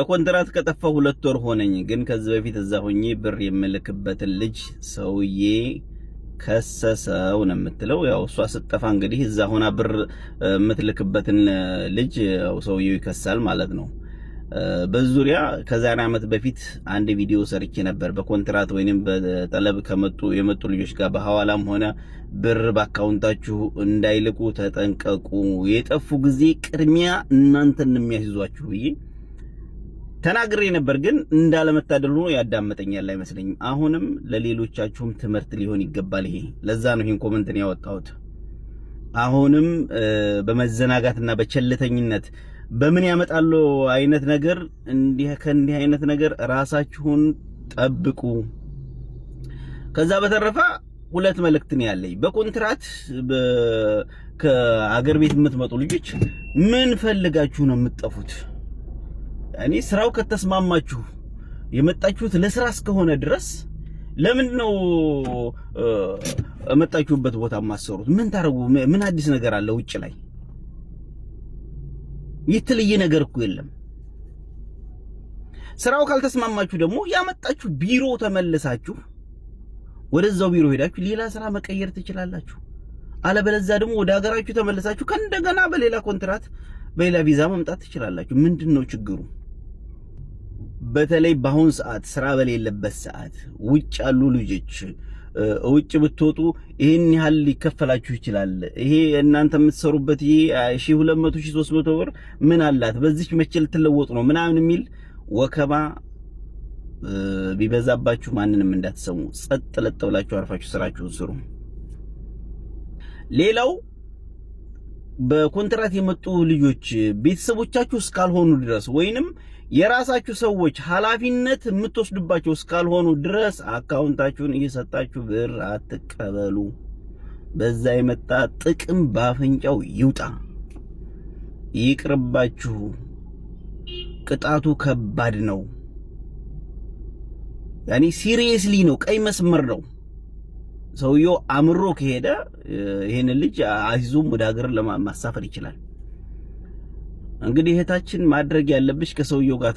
በኮንትራት ከጠፋ ሁለት ወር ሆነኝ። ግን ከዚህ በፊት እዛ ሆኜ ብር የምልክበትን ልጅ ሰውዬ ከሰሰው ነው የምትለው። ያው እሷ ስጠፋ እንግዲህ እዛ ሆና ብር የምትልክበትን ልጅ ሰውዬው ይከሳል ማለት ነው። በዙሪያ ከዛ ከዛሬ ዓመት በፊት አንድ ቪዲዮ ሰርቼ ነበር። በኮንትራት ወይንም በጠለብ ከመጡ የመጡ ልጆች ጋር በሐዋላም ሆነ ብር በአካውንታችሁ እንዳይልቁ ተጠንቀቁ፣ የጠፉ ጊዜ ቅድሚያ እናንተን የሚያስይዟችሁ ብዬ ተናግሬ ነበር፣ ግን እንዳለመታደል ሆኖ ያዳመጠኛል አይመስለኝም። አሁንም ለሌሎቻችሁም ትምህርት ሊሆን ይገባል። ይሄ ለዛ ነው ይህን ኮመንትን ያወጣሁት። አሁንም በመዘናጋትና በቸልተኝነት በምን ያመጣሉ አይነት ነገር እንዲህ ከእንዲህ አይነት ነገር ራሳችሁን ጠብቁ። ከዛ በተረፈ ሁለት መልእክት ነው ያለኝ። በኮንትራት ከአገር ቤት የምትመጡ ልጆች ምን ፈልጋችሁ ነው የምትጠፉት? እኔ ስራው ከተስማማችሁ የመጣችሁት ለስራ እስከሆነ ድረስ ለምንድን ነው መጣችሁበት ቦታ የማሰሩት? ምን ታረጉ? ምን አዲስ ነገር አለ? ውጭ ላይ የተለየ ነገር እኮ የለም። ስራው ካልተስማማችሁ ደግሞ ያመጣችሁ ቢሮ ተመልሳችሁ ወደዛው ቢሮ ሄዳችሁ ሌላ ስራ መቀየር ትችላላችሁ። አለበለዚያ ደግሞ ወደ ሀገራችሁ ተመልሳችሁ ከእንደገና በሌላ ኮንትራት በሌላ ቪዛ መምጣት ትችላላችሁ። ምንድን ነው ችግሩ? በተለይ በአሁን ሰዓት ስራ በሌለበት ሰዓት ውጭ ያሉ ልጆች ውጭ ብትወጡ ይህን ያህል ሊከፈላችሁ ይችላል። ይሄ እናንተ የምትሰሩበት ይሄ ሺ ሁለት መቶ ሺ ሶስት መቶ ብር ምን አላት በዚች መቼ ልትለወጡ ነው ምናምን የሚል ወከባ ቢበዛባችሁ ማንንም እንዳትሰሙ፣ ጸጥ ለጥ ብላችሁ አርፋችሁ ስራችሁን ስሩ። ሌላው በኮንትራት የመጡ ልጆች ቤተሰቦቻችሁ እስካልሆኑ ድረስ ወይንም የራሳችሁ ሰዎች ኃላፊነት የምትወስዱባቸው እስካልሆኑ ድረስ አካውንታችሁን እየሰጣችሁ ብር አትቀበሉ። በዛ የመጣ ጥቅም ባፍንጫው ይውጣ፣ ይቅርባችሁ። ቅጣቱ ከባድ ነው። ያኔ ሲሪየስሊ ነው፣ ቀይ መስመር ነው። ሰውየው አምሮ ከሄደ ይህንን ልጅ አይዞም ወደ ሀገር ለማሳፈር ይችላል። እንግዲህ እህታችን ማድረግ ያለብሽ ከሰውየው ጋር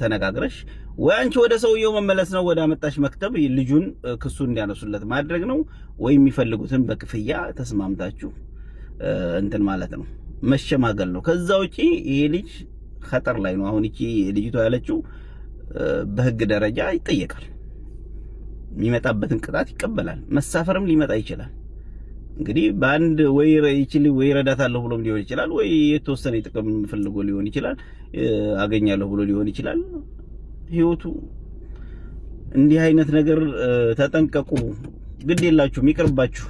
ተነጋግረሽ ወይ አንቺ ወደ ሰውየው መመለስ ነው፣ ወደ አመጣሽ መክተብ ልጁን ክሱን እንዲያነሱለት ማድረግ ነው፣ ወይ የሚፈልጉትን በክፍያ ተስማምታችሁ እንትን ማለት ነው፣ መሸማገል ነው። ከዛ ውጪ ይሄ ልጅ ኸጠር ላይ ነው። አሁን ይቺ ልጅቷ ያለችው በህግ ደረጃ ይጠየቃል። የሚመጣበትን ቅጣት ይቀበላል። መሳፈርም ሊመጣ ይችላል። እንግዲህ በአንድ ወይ ይችል ወይ ረዳታለሁ ብሎም ሊሆን ይችላል፣ ወይ የተወሰነ ጥቅም ፈልጎ ሊሆን ይችላል፣ አገኛለሁ ብሎ ሊሆን ይችላል። ህይወቱ እንዲህ አይነት ነገር ተጠንቀቁ፣ ግድ የላችሁም፣ ይቅርባችሁ።